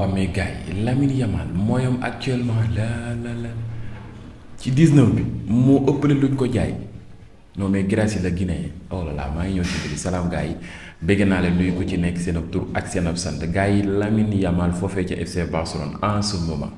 waaw mais gars yi Lamine Yamal mooyam actuellement la la la ci 19 bi moo ëppale luñ ko jaay non mais grâce la Guinée oh là là maa ngi ñëw ci biir salaam gars yi bëgg naa leen nuyu ko ci nekk seen ab ak seen ab sant gars yi Lamine Yamal foofee ca FC Barcelone en ce moment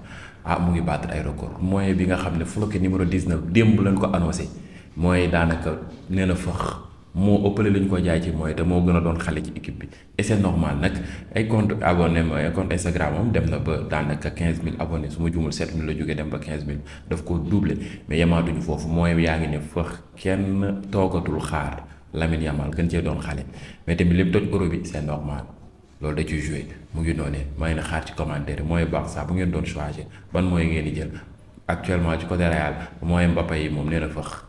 ah mu ngi battre ay record moyen bi nga xam ne floqué numéro 19 démb leen ko annoncé mooy daanaka nee na fëx moo ëppale li ñu ko jaay ci mooy te moo gën a doon xale ci équipe bi et c'est normal nag ay compte abonné mooy Instagram moom dem na ba daanaka 15000 abonnés su ma jumul 7000 la jógee dem ba 15000 daf ko doublé mais yemaatuñu foofu mooy yaa ngi ne fa kenn toogatul xaar Lamine Yamal gën cee doon xale mais tamit lépp toj euro bi c'est normal. loolu da ciy joué mu ngi noonu maa ngi xaar ci commentaire mooy baax sax bu ngeen doon choisir ban mooy ngeen di jël actuellement ci côté Real mooy Mbappé yi moom nee na fëx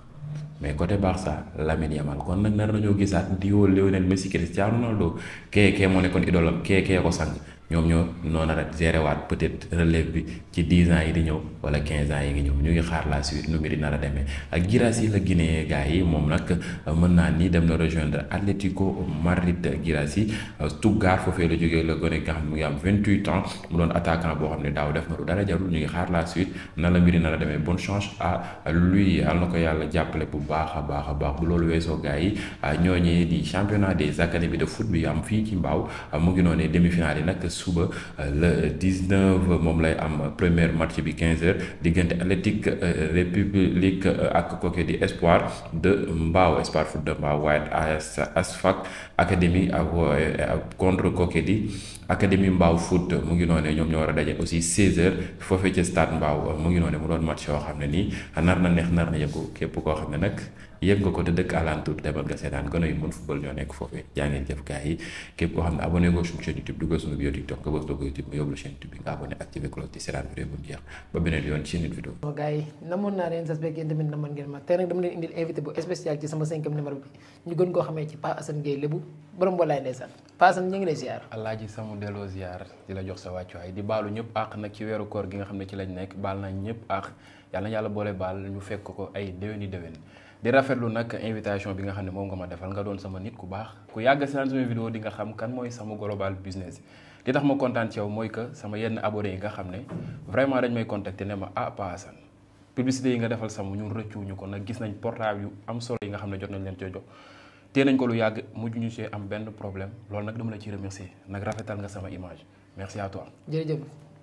mais côté Barça Lamine Yamal kon nag nar nañoo gisaat diwoo Lionel Messi Cristiano Ronaldo kee kee moo nekkoon idolam kee kee ko sang ñoom ñoo noo nar a gérer waat peut-être relève bi ci dix ans yi di ñëw wala quinze ans yi ngi ñëw ñu ngi xaar la suite nu mu di nar a demee ak Girassi la Guinée gars yi moom nag mën naa ni dem na rejoindre Atlético Madrid Girassi Stuttgart foofee la jógee la gone nga xam mu ngi am vingt-huit ans mu doon attaquant boo xam ne daaw def na lu dara jarul ñu ngi xaar la suite nan la mbir yi nar a demee bonne chance à lui yal na ko yàlla jàppale bu baax a baax a baax bu loolu weesoo gars yi ñooñee di bi am fii ci suba euh, le 19 moom lay am première match bi 15h diggante Athletic euh, République euh, ak kooku di Espoir de Mbao Espoir Foot de Mbao waaye AS Asfac Académie ak contre kooku di Académie Mbao Foot mu ngi noonu ñoom ñoo war a daje aussi 16h foofee ca stade Mbao mu ngi noone mu doon match yoo xam ne nii nar na neex nar na yëngu képp koo xam ne nag. yëg nga ko te dëkk alentour demal nga seetaan gone yu mën football ñoo nekk foofee jaa ngeen jëf yi képp koo ne abonné ko suñu chaîne YouTube duggal suñu bio TikTok la chaîne YouTube bi nga abonné activé cloche di seetaan vidéo bu jeex ba beneen yoon ci nit vidéo gars namoon naa leen sas beeg yéen tamit namoon ngeen ma te nag dama leen indil invité bu spécial ci sama cinquième numéro bi ñu gën koo xamee ci Pa Assane Gueye lébu borom walaay ndeysaan Paasam ñu ngi lay ziar. Alaaji Samu delloo ziar di la jox sa wàccuwaay di baalu ñëpp àq nag ci weeru koor gi nga xam ne ci lañ nekk baal nañ ñëpp àq yàlla na yàlla boole ñu fekk ko ay déwéni déwén. di rafetlu nag invitation bi nga xam ne moom nga ma defal nga doon sama nit ku baax ku yàgg seen sama vidéo di nga xam kan mooy Samu global business. li tax ma kontaan ci mooy que sama yenn abonné yi nga xam ne vraiment dañ may contacter ne ma ah Paasan publicité yi nga defal Samu ñun rëccuwuñu ko nag gis nañ portable yu am solo yi nga xam ne jot nañu leen cee jox. tee nañ ko lu yàgg mujj ñu see am benn problème loolu nag dama la ci remercier nag rafetal nga sama image merci à toi. yow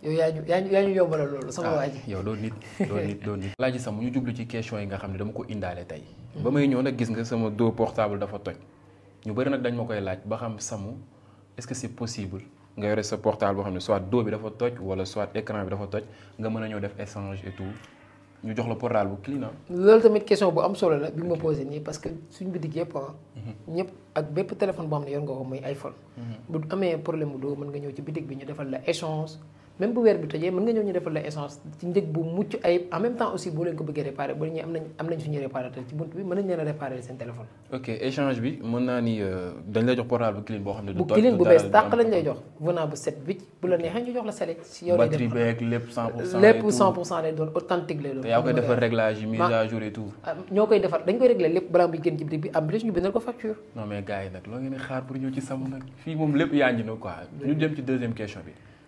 yaa ñu yaa ñu yombalal loolu sama ah, waa ji yow doo nit doon nit laaj sax mu ñu jublu ci question yi nga xam ne dama ko indaale tey. ba may ñëw nag gis nga sama dos portable dafa toj ñu bëri nag dañ ma koy laaj ba xam samu est-ce que c'est possible nga yore sa portable boo xam ne soit dos bi dafa toj wala soit écran bi dafa toj nga mën a ñëw def échange et tout. ñu jox la portal bu clean ah. loolu tamit question bu am solo la bi ma posé nii parce que suñ bitig yëpp ah. Mhm. ñëpp ak bépp téléphone boo xam ne nga ko muy iPhone. Mhm. bu amee problème bu doo mën nga ñëw ci bitig bi ñu defal la échange. même bu weer bi tojee mën nga ñëw ñu defal la essence ci njëg bu mucc ayib en même temps aussi boo leen ko bëggee réparé ba ñu am nañ suñu réparateur ci bunt bi mën nañ euh, la sele. si yow lay def batterie beeg lépp lépp ah, lépp balaa muy génn ci biir bi am plus ñu bindal ko facture. non mais gars nag loo ngeen xaar pour ñëw ci sam nag fii moom lépp yaa ngi na quoi ñu dem ci deuxième question bi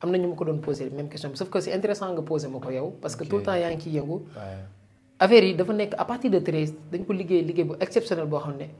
am na ñu ma ko doon posé même question bi sauf que c'est intéressant nga posé ma ko yow parce que tout temps yaa ngi ciy yëngu affaire dafa nekk à partir de treize dañ ko liggéey liggéey bu exceptionnel boo xam ne